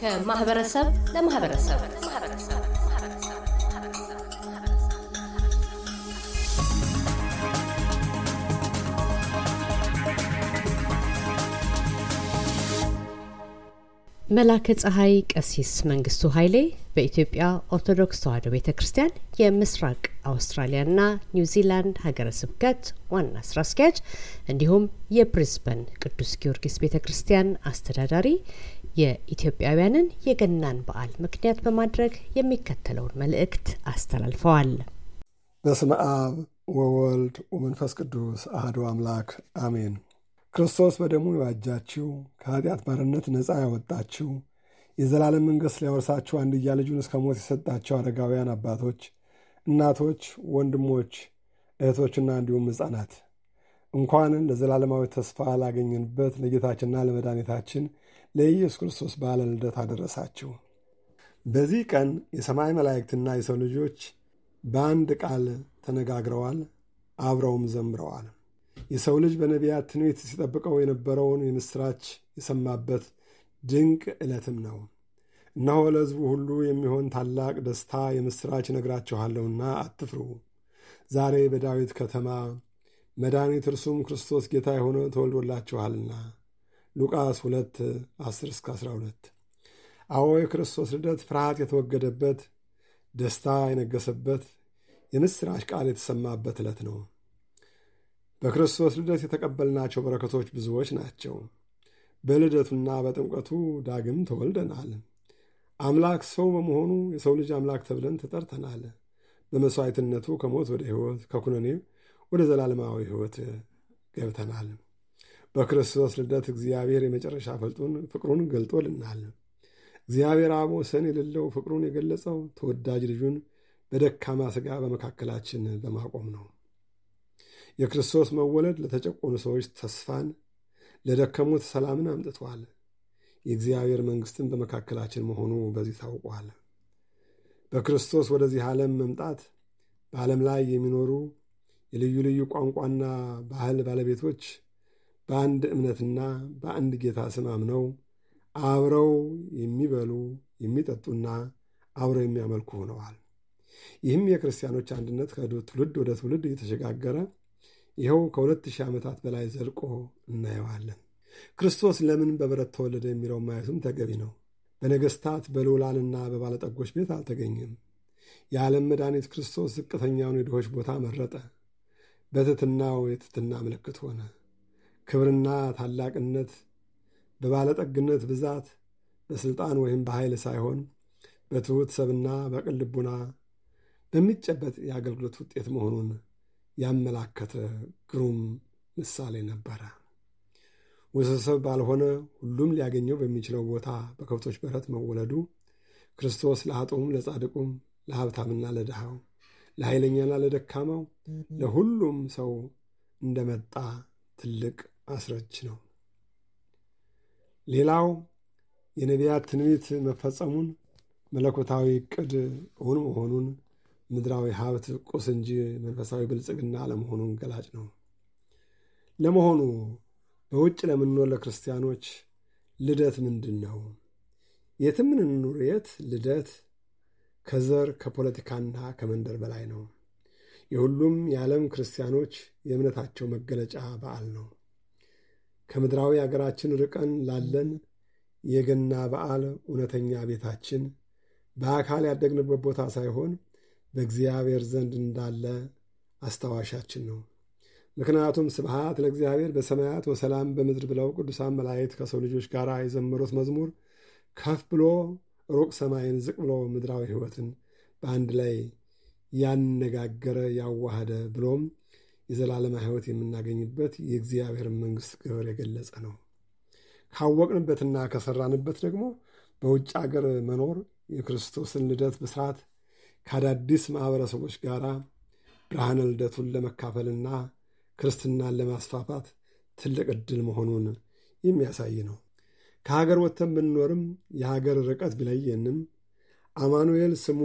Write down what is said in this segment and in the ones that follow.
ከማህበረሰብ ለማህበረሰብ መላከ ፀሐይ ቀሲስ መንግስቱ ኃይሌ በኢትዮጵያ ኦርቶዶክስ ተዋሕዶ ቤተ ክርስቲያን የምስራቅ አውስትራሊያና ኒውዚላንድ ሀገረ ስብከት ዋና ስራ አስኪያጅ እንዲሁም የብሪዝበን ቅዱስ ጊዮርጊስ ቤተ ክርስቲያን አስተዳዳሪ የኢትዮጵያውያንን የገናን በዓል ምክንያት በማድረግ የሚከተለውን መልእክት አስተላልፈዋል። በስመ አብ ወወልድ ወመንፈስ ቅዱስ አህዶ አምላክ አሜን። ክርስቶስ በደሙ የዋጃችው ከኃጢአት ባርነት ነፃ ያወጣችው የዘላለም መንግሥት ሊያወርሳቸው አንድያ ልጁን እስከ ሞት የሰጣቸው አረጋውያን አባቶች፣ እናቶች፣ ወንድሞች፣ እህቶችና እንዲሁም ሕፃናት እንኳን ለዘላለማዊ ተስፋ ላገኘንበት ለጌታችንና ለመድኃኒታችን ለኢየሱስ ክርስቶስ በዓለ ልደት አደረሳችሁ። በዚህ ቀን የሰማይ መላእክትና የሰው ልጆች በአንድ ቃል ተነጋግረዋል፣ አብረውም ዘምረዋል። የሰው ልጅ በነቢያት ትንቢት ሲጠብቀው የነበረውን የምሥራች የሰማበት ድንቅ ዕለትም ነው። እነሆ ለሕዝቡ ሁሉ የሚሆን ታላቅ ደስታ የምሥራች እነግራችኋለሁና አትፍሩ። ዛሬ በዳዊት ከተማ መድኃኒት እርሱም ክርስቶስ ጌታ የሆነ ተወልዶላችኋልና። ሉቃስ 2 10 እስከ 12። አዎ የክርስቶስ ልደት ፍርሃት የተወገደበት ደስታ የነገሰበት የምሥራች ቃል የተሰማበት ዕለት ነው። በክርስቶስ ልደት የተቀበልናቸው በረከቶች ብዙዎች ናቸው። በልደቱና በጥምቀቱ ዳግም ተወልደናል። አምላክ ሰው በመሆኑ የሰው ልጅ አምላክ ተብለን ተጠርተናል። በመሥዋዕትነቱ ከሞት ወደ ሕይወት ከኩነኔ ወደ ዘላለማዊ ሕይወት ገብተናል። በክርስቶስ ልደት እግዚአብሔር የመጨረሻ ፈልጡን ፍቅሩን ገልጦልናል። እግዚአብሔር አብ ወሰን የሌለው ፍቅሩን የገለጸው ተወዳጅ ልጁን በደካማ ሥጋ በመካከላችን በማቆም ነው። የክርስቶስ መወለድ ለተጨቆኑ ሰዎች ተስፋን ለደከሙት ሰላምን አምጥቷል። የእግዚአብሔር መንግሥትን በመካከላችን መሆኑ በዚህ ታውቋል። በክርስቶስ ወደዚህ ዓለም መምጣት በዓለም ላይ የሚኖሩ የልዩ ልዩ ቋንቋና ባህል ባለቤቶች በአንድ እምነትና በአንድ ጌታ ስም አምነው አብረው የሚበሉ የሚጠጡና አብረው የሚያመልኩ ሆነዋል። ይህም የክርስቲያኖች አንድነት ከትውልድ ወደ ትውልድ እየተሸጋገረ ይኸው ከሁለት ሺህ ዓመታት በላይ ዘልቆ እናየዋለን። ክርስቶስ ለምን በበረት ተወለደ የሚለው ማየቱም ተገቢ ነው። በነገሥታት በልዑላንና በባለጠጎች ቤት አልተገኘም። የዓለም መድኃኒት ክርስቶስ ዝቅተኛውን የድሆች ቦታ መረጠ። በትትናው የትትና ምልክት ሆነ። ክብርና ታላቅነት በባለጠግነት ብዛት፣ በሥልጣን ወይም በኃይል ሳይሆን በትሑት ሰብና በቅልቡና በሚጨበጥ የአገልግሎት ውጤት መሆኑን ያመላከተ ግሩም ምሳሌ ነበረ። ውስብስብ ባልሆነ ሁሉም ሊያገኘው በሚችለው ቦታ በከብቶች በረት መወለዱ ክርስቶስ ለአጡም ለጻድቁም፣ ለሀብታምና ለድሃው፣ ለኃይለኛና ለደካማው፣ ለሁሉም ሰው እንደመጣ ትልቅ አስረጅ ነው። ሌላው የነቢያት ትንቢት መፈጸሙን መለኮታዊ ዕቅድ እውን መሆኑን ምድራዊ ሀብት ቁስ እንጂ መንፈሳዊ ብልጽግና ለመሆኑን ገላጭ ነው። ለመሆኑ በውጭ ለምንኖር ለክርስቲያኖች ልደት ምንድን ነው? የትም እንኑር የት ልደት ከዘር ከፖለቲካና ከመንደር በላይ ነው። የሁሉም የዓለም ክርስቲያኖች የእምነታቸው መገለጫ በዓል ነው። ከምድራዊ አገራችን ርቀን ላለን የገና በዓል እውነተኛ ቤታችን በአካል ያደግንበት ቦታ ሳይሆን በእግዚአብሔር ዘንድ እንዳለ አስታዋሻችን ነው። ምክንያቱም ስብሃት ለእግዚአብሔር በሰማያት ወሰላም በምድር ብለው ቅዱሳን መላእክት ከሰው ልጆች ጋር የዘመሩት መዝሙር ከፍ ብሎ ሩቅ ሰማይን ዝቅ ብሎ ምድራዊ ሕይወትን በአንድ ላይ ያነጋገረ ያዋሃደ ብሎም የዘላለማ ሕይወት የምናገኝበት የእግዚአብሔር መንግሥት ግብር የገለጸ ነው። ካወቅንበትና ከሰራንበት ደግሞ በውጭ አገር መኖር የክርስቶስን ልደት ብስራት ከአዳዲስ ማኅበረሰቦች ጋር ብርሃነ ልደቱን ለመካፈልና ክርስትናን ለማስፋፋት ትልቅ ዕድል መሆኑን የሚያሳይ ነው። ከሀገር ወጥተን ብንኖርም የሀገር ርቀት ቢለየንም አማኑኤል ስሙ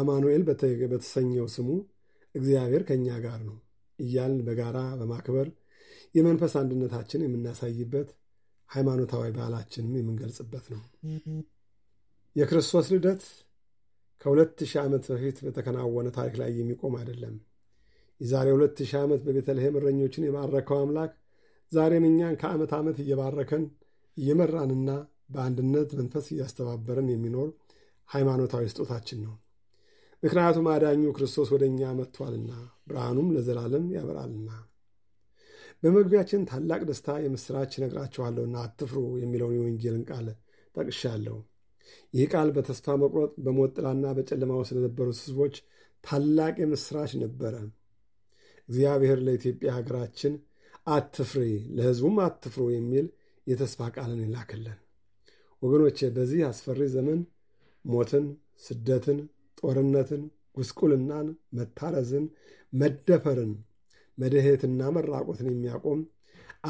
አማኑኤል በተሰኘው ስሙ እግዚአብሔር ከእኛ ጋር ነው እያልን በጋራ በማክበር የመንፈስ አንድነታችን የምናሳይበት ሃይማኖታዊ ባህላችንም የምንገልጽበት ነው። የክርስቶስ ልደት ከሁለት ሺህ ዓመት በፊት በተከናወነ ታሪክ ላይ የሚቆም አይደለም። የዛሬ ሁለት ሺህ ዓመት በቤተልሔም እረኞችን የባረከው አምላክ ዛሬም እኛን ከዓመት ዓመት እየባረከን እየመራንና በአንድነት መንፈስ እያስተባበረን የሚኖር ሃይማኖታዊ ስጦታችን ነው። ምክንያቱም አዳኙ ክርስቶስ ወደ እኛ መጥቷልና ብርሃኑም ለዘላለም ያበራልና። በመግቢያችን ታላቅ ደስታ የምሥራች ነግራችኋለሁና አትፍሩ የሚለውን የወንጌልን ቃል ጠቅሻለሁ። ይህ ቃል በተስፋ መቁረጥ በሞት ጥላና በጨለማ ለነበሩት ሕዝቦች ታላቅ የምሥራች ነበረ። እግዚአብሔር ለኢትዮጵያ ሀገራችን አትፍሪ፣ ለሕዝቡም አትፍሩ የሚል የተስፋ ቃልን ይላክልን። ወገኖቼ በዚህ አስፈሪ ዘመን ሞትን፣ ስደትን፣ ጦርነትን፣ ጉስቁልናን፣ መታረዝን፣ መደፈርን፣ መድሄትና መራቆትን የሚያቆም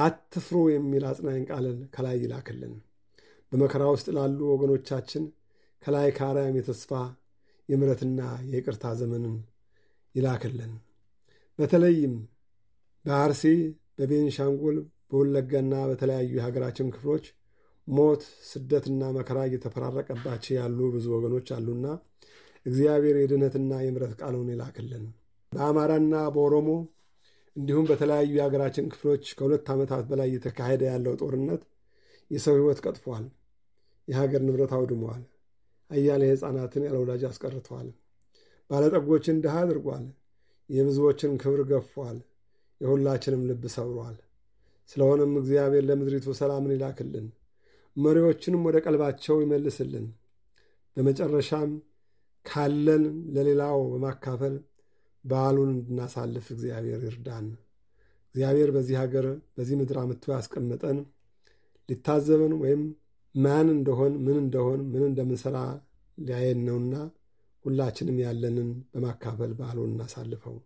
አትፍሩ የሚል አጽናኝ ቃልን ከላይ ይላክልን። በመከራ ውስጥ ላሉ ወገኖቻችን ከላይ ከአርያም የተስፋ የምረትና የይቅርታ ዘመንን ይላክልን። በተለይም በአርሲ፣ በቤንሻንጉል፣ በወለጋና በተለያዩ የሀገራችን ክፍሎች ሞት፣ ስደትና መከራ እየተፈራረቀባቸው ያሉ ብዙ ወገኖች አሉና እግዚአብሔር የድህነትና የምረት ቃሉን ይላክልን። በአማራና በኦሮሞ እንዲሁም በተለያዩ የሀገራችን ክፍሎች ከሁለት ዓመታት በላይ እየተካሄደ ያለው ጦርነት የሰው ሕይወት ቀጥፏል። የሀገር ንብረት አውድሟል። አያሌ ሕፃናትን ያለወላጅ አስቀርተዋል። አስቀርቷል። ባለጠጎችን ድሃ አድርጓል። የብዙዎችን ክብር ገፏል። የሁላችንም ልብ ሰብሯል። ስለሆነም እግዚአብሔር ለምድሪቱ ሰላምን ይላክልን፣ መሪዎችንም ወደ ቀልባቸው ይመልስልን። በመጨረሻም ካለን ለሌላው በማካፈል በዓሉን እንድናሳልፍ እግዚአብሔር ይርዳን። እግዚአብሔር በዚህ ሀገር በዚህ ምድር አምጥቶ ያስቀመጠን ሊታዘበን ወይም ማን እንደሆን ምን እንደሆን ምን እንደምንሰራ ሊያየን ነውና ሁላችንም ያለንን በማካፈል በዓሉን እናሳልፈው።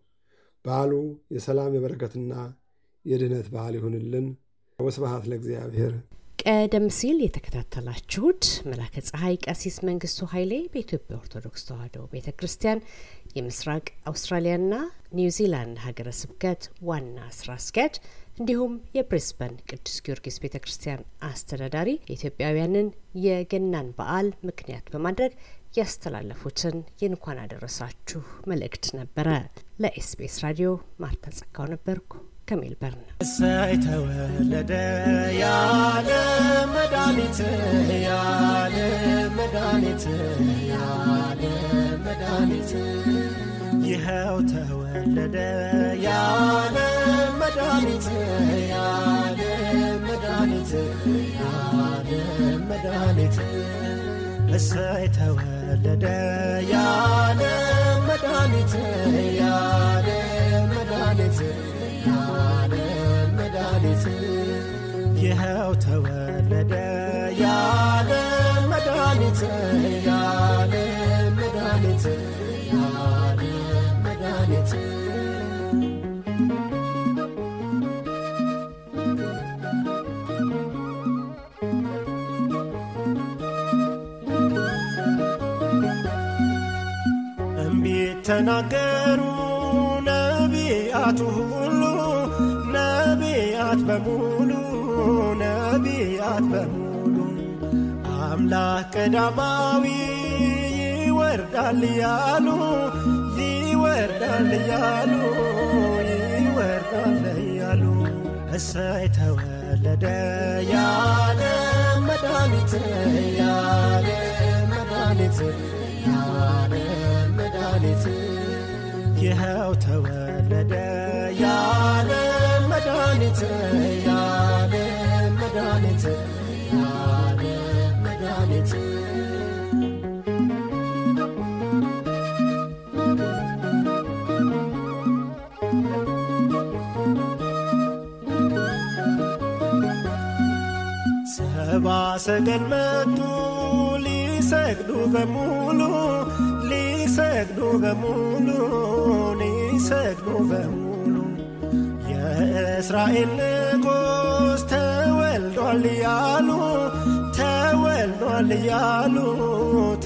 በዓሉ የሰላም የበረከትና የድህነት በዓል ይሁንልን። ወስብሐት ለእግዚአብሔር። ቀደም ሲል የተከታተላችሁት መላከ ፀሐይ ቀሲስ መንግስቱ ኃይሌ በኢትዮጵያ ኦርቶዶክስ ተዋሕዶ ቤተ ክርስቲያን የምስራቅ አውስትራሊያና ኒውዚላንድ ሀገረ ስብከት ዋና ስራ አስኪያጅ እንዲሁም የብሪስበን ቅዱስ ጊዮርጊስ ቤተ ክርስቲያን አስተዳዳሪ የኢትዮጵያውያንን የገናን በዓል ምክንያት በማድረግ ያስተላለፉትን የእንኳን አደረሳችሁ መልእክት ነበረ። ለኤስቢኤስ ራዲዮ ማርታ ጸጋው ነበርኩ ከሜልበርን። እሰይ ተወለደ ያለ መድኃኒት ያለ መድኃኒት ያለ መድኃኒት ይኸው ተወለደ ያለ መድኃኒት የዓለም መድኃኒት የዓለም መድኃኒት እሰይ ተወለደ መድኃኒት ይኸው ተወለደ ያለ። ተናገሩ ነቢያቱ ሁሉ ነቢያት በሙሉ ነቢያት በሙሉ አምላክ ቀዳማዊ ይወርዳል ያሉ ይወርዳል ያሉ ይወርዳል ያሉ እሰይ ተወለደ ያለ መድኃኒት ያለ መድኃኒት ያዳነ መድኃኒት ይኸው ተወለደ ያለ መድኃኒት ያለ መድኃኒት ያለ መድኃኒት ሰባ ሰገል መጡ ሊሰግዱ በሙሉ ሊሰግዱ በሙሉ ሊሰግዱ በሙሉ የእስራኤል ንጉሥ ተወልዷል እያሉ ተወልዷል እያሉ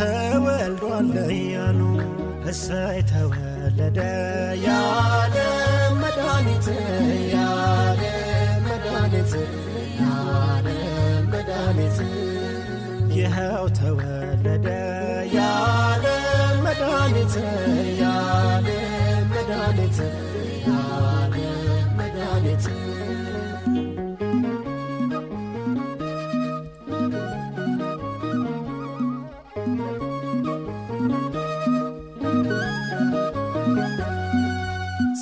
ተወልዷል እያሉ እሰይ ተወለደ ያለ መድኃኒት ይኸው ተወለደ ያለ መድኃኒት ያለ መድኃኒት ያለ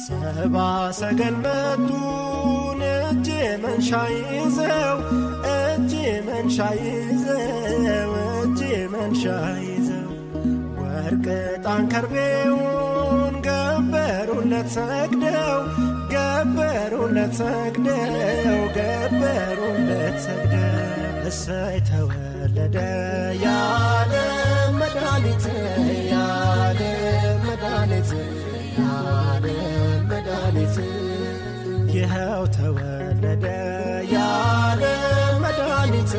ሰባ ሰገል መቱን እጄ መንሻ ይዘው ይዘው እጅ መንሻ ይዘው ወርቅ ዕጣን ከርቤውን ገበሩለት ሰግደው ገበሩለት ሰግደው ገበሩለት ሰግደው እሰይ ተወለደ መድኃኒት መድኃኒት መድኃኒት ይኸው ተወለደ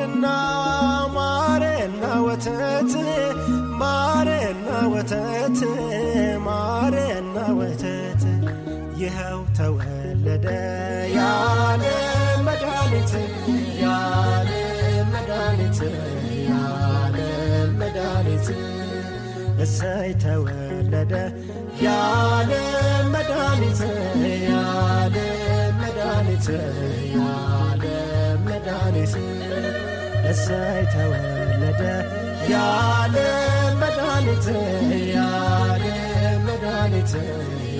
ልና ማርና ወተት ማርና ወተት ማርና ወተት ይኸው ተወለደ ያለ መድኃኒት ያለ መድኃኒት ያለ መድኃኒት እሰይ ተወለደ ያለ መድኃኒት ያለ መድኃኒት እሰይ ተወለደ ያለ መድኃኒት ያለ መድኃኒት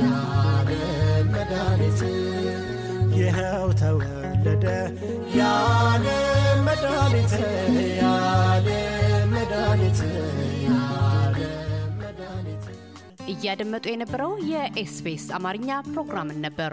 ያለ መድኃኒት ይኸው ተወለደ ያለ መድኃኒት ያለ መድኃኒት እያደመጡ የነበረው የኤስቢኤስ አማርኛ ፕሮግራምን ነበር።